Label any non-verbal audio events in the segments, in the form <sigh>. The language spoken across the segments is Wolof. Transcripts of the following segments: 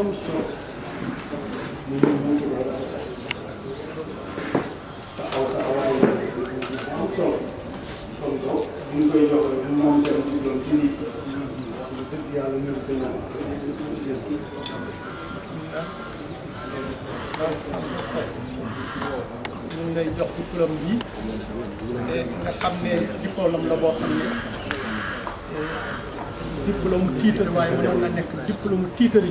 am solo ñu ngi ñu ngi taxaw taxawaay am solo kon donc ñu ngi jox rek moom nga xam ne diplôme la boo xam ne diplôme tiitar waaye mënoon na nekk diplôme tiitari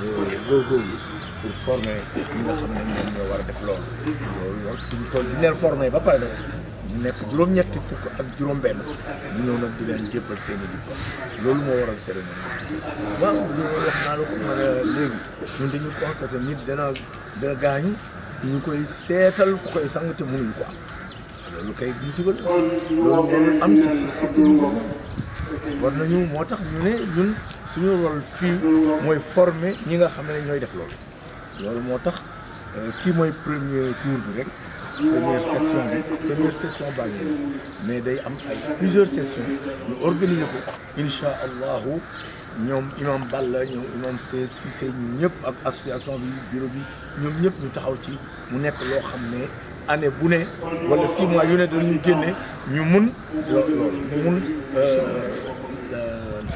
góorgóorlu pour former ñi nga xam ne ñoom ñoo war a def loolu loolu loolu ko duñ leen former ba pare ñu nekk juróom-ñetti fukk ak juróom-benn ñu ñëw di leen jébbal seen i diplôme loolu moo waral cérémonie bi waaw li léegi ñun dañu constaté nit dana dana gaañu ñu koy seetal ku koy sang te mënuñu ko am loolu kay musiba la loolu am ci société bi war nañu moo ne ñun suñu ñi nga def premier tour bi première session bi première session mais day plusieurs sessions ñu organiser ko incha allahu imam Balla ñoom imam ñëpp ak association bi bureau bi ñoom ñëpp ñu taxaw ci mu nekk loo xam année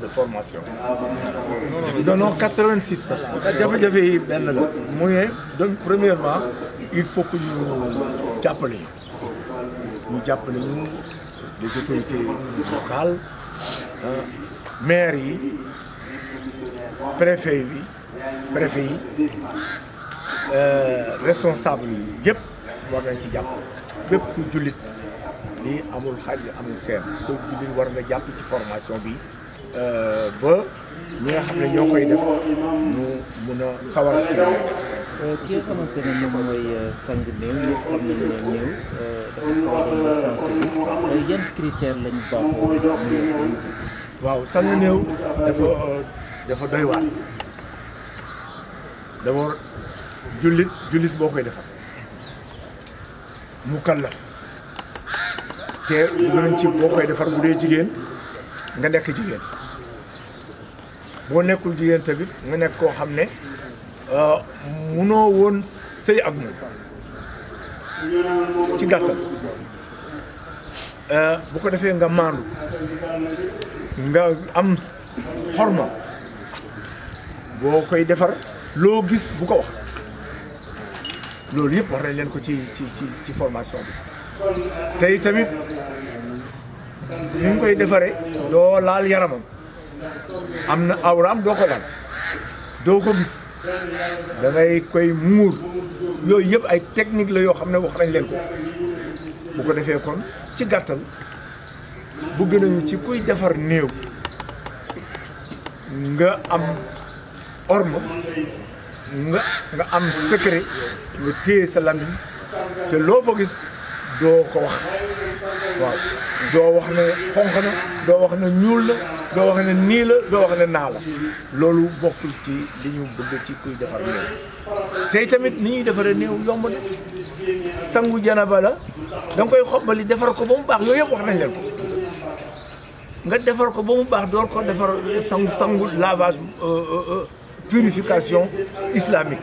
de formation. non non 86 personnes. il donc premièrement il faut que nous nous nous les autorités locales hein, maire yi préfet préfet responsable les amoureux, les les amoureux, les amoureux, les amoureux, amul amoureux, amul amoureux, les amoureux, war na formation Euh, ba ñi xam ne ñoo koy def ñu mun a sawar ci euh, ki nga xamante mooy euh, sang néew ñëpp xam nañ dafa xaw a sensible jullit jullit boo koy defar mu kallaf te bu gën a ci boo koy defar bu dee jigéen nga nekk jigéen boo nekkul jigéen tamit nga nekk koo xam ne euh, munoo woon sëy ak ci gàttal euh, bu ko defee nga maandu nga am xorma boo koy defar loo gis bu ko wax loolu yëpp wax nañ leen ko ci ci ci ci formation bi tey tamit ñu koy defaree doo laal yaramam am na awraam doo ko laal doo ko gis da koy muur yooyu yëpp ay technique la yoo xam ne wax nañ leen ko bu ko defee kon ci gàttal bëgg nañu ci kuy defar néew nga am orme nga nga am secret nga téye sa lamiñ te loo fa gis doo ko wax waaw doo wax ne xonq na doo wax ne ñuul la doo wax ne nii la doo wax ne naa la loolu bokkul ci li ñu bëgg ci kuy defar néew tey tamit ni ñuy defaree néew yomb na sangu janaba la da koy xobbali defar ko ba mu baax yooyu yëpp wax nañ leen ko nga defar ko ba mu baax door ko defar sangu sangu lavage euh, euh, euh, purification islamique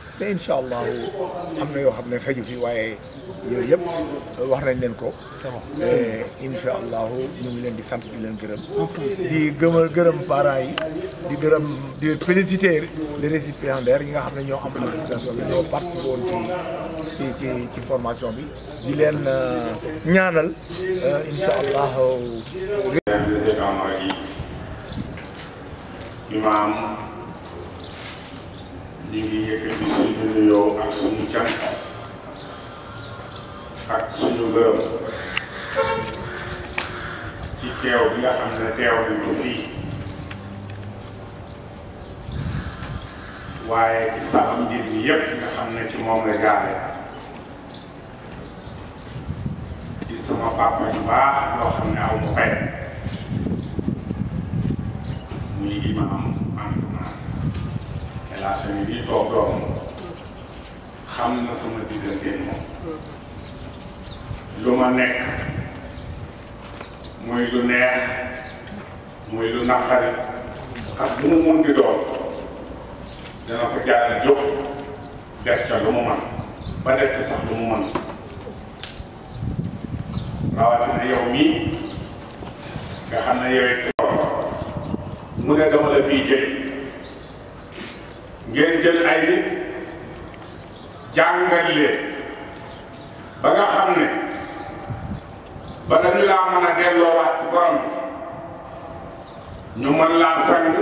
te incha allah am na yoo xam ne xëju fi waaye yooyu yëpp wax nañ leen ko. incha allah ñu ngi leen di sant di leen gërëm. di gëm gërëm parent yi di gërëm di féliciter les récipiendaires yi nga xam ne ñoo am association bi ñoo participé woon ci ci ci ci formation bi di leen euh, ñaanal euh, incha allah. ñu ngi yëkkati suñu nuyoo ak suñu cant ak suñu gërëm ci teew bi nga xam ne teew nañu fii waaye ci saxam mbir mi yépp nga xam ne ci la jaare di sama papa bu baax yoo xam ne aw mu pay muy imaam man génération yi bii toog doomam xam na sama diggante moom lu ma nekk muy lu neex muy lu naqari ak lu mu mun di doon dana ko jaarale jóg def ca lu mu man ba def ca sax lu mu man rawatina yow mii nga xam ne yow it mu ne dama la fiy jël ngeen jël ay nit jàngal ba nga xam ne ba dañu laa mën a delloowaat ci borom ñu mën laa sang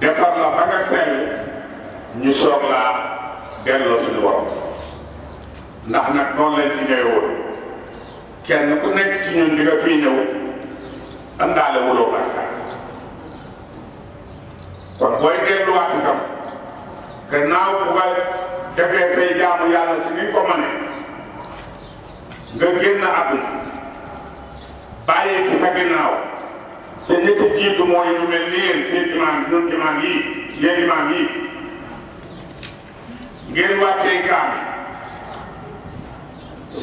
defar la ba nga sell ñu soog laa delloo suñu borom ndax nag noonu lañ fi ñëwee woon kenn ku nekk ci ñun di nga fiy ñëw andaale wuloo bàkkaar kon booy delluwaat itam gannaaw bu nga defee say jaamu yàlla ci ni ko mënee nga génn àdduna bàyyi fi sa gannaaw te ñi ci jiitu mooy ñu mel ni yéen seen imaam yii yéen imaam yii ngeen wàccee gaam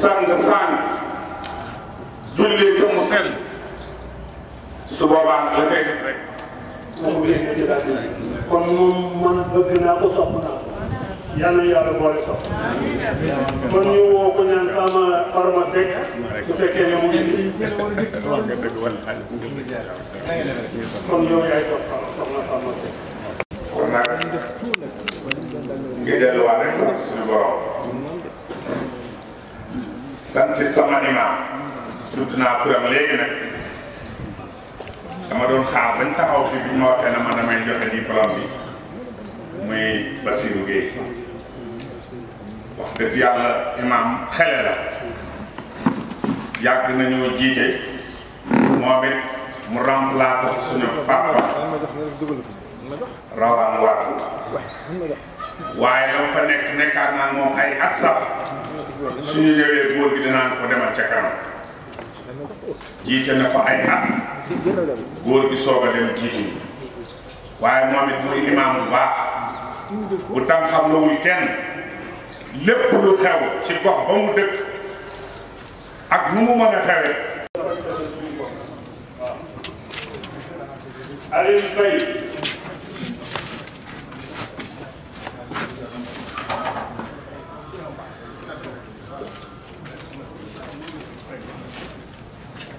sang sang julli te mu sell su la koy def kon moom man bëgg naa ko sopp naa ko yal na yàlla boole sopp kon ñu woo ko ñaan Fama Farma Seck su fekkee ne mu ngi nii kon yow yaay jox soxna Farma Seck. kon nag ngi delluwaat rek sant suñu borom sant sama imaam tudd naa turam léegi nag. dama doon xaar bañ taxaw fi bi ñu ma waxee na ma damay joxe diplôme bi muy Bassirou Gueye wax dëgg yàlla imaam xele la yàgg nañoo jiite moom it mu remplace suñu papa rawaan waatu waaye la fa nekk nekkaat naa moom ay at sax suñu ñëwee góor gi dinaan ko demal ca jiite na ko ay at góor gi soog a dem waaye moom it muy imaam bu baax bu tam xam lawul kenn lépp lu xew ci gox ba mu dëkk ak nu mu mën a xewee Alioune Faye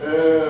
euh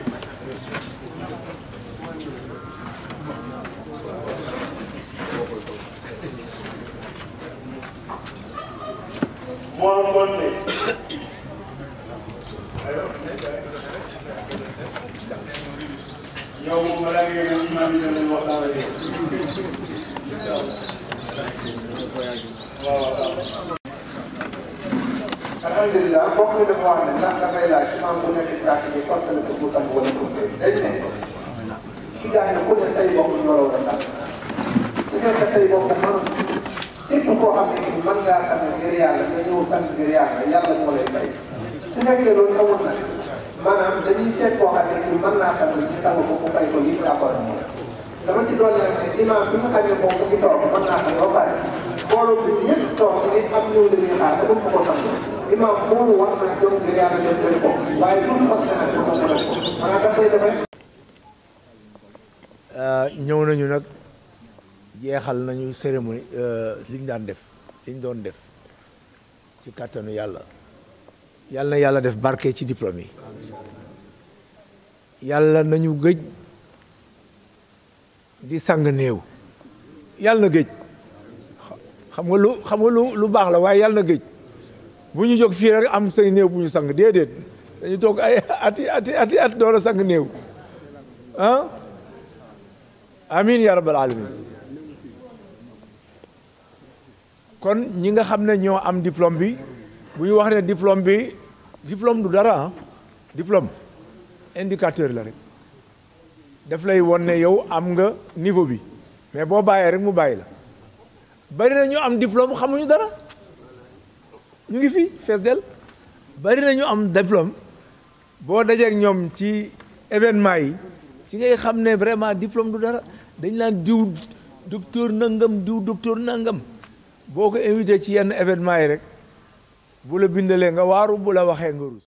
alhamdulilah kooku ñu dafa wax ne ndax dafay laaj imam bu nekk ci kàkk bi sant la ko buutan wala buutee day ne su jàng ku ne tey bopp ñu war a war a su nekk tey bopp man képp koo xam ne nii mën ngaa sant ngir yàlla nga ñëw sant ngir yàlla yàlla moo lay fay su nekkee loolu amul na maanaam dañuy seet koo xam ne nii mën naa sant ñu sant ko ku fay ko lii d'accord dama ci doon ne nag imam bi nga xam ne moom mu ngi toog mën naa ko ba pare ñëw dañuy nag moom nañu nag jeexal nañu cérémonie euh, liñ daan def liñ doon def ci kàttanu yàlla yàlla yàlla def barke ci diplôme yi yàlla nañu gëj di sang néew yàlla na géej xam nga lu xam nga lu lu baax la waaye yàlla na géej bu ñu jog fii rek am say néew bu ñu sang déedéet dañu toog ay <laughs> ati ati at door a sang néew ah amin ya rabbal kon ñi nga xam ne ñoo am diplôme bi bu ñu wax ne diplôme bi diplôme du dara ah diplôme indicateur la rek daf lay won ne yow am nga niveau bi mais boo bàyyee rek mu bàyyi la bari na ñu am diplôme xamuñu dara ñu ngi fi fees del bari na ñu am diplôme boo dajeek ñoom ci événement yi ci ngay xam ne vraiment diplôme du dara dañ naan diw docteur nëngam diw docteur nangam boo ko invité ci yenn événement yi rek bu la bindalee nga waaru bu la waxee nga rus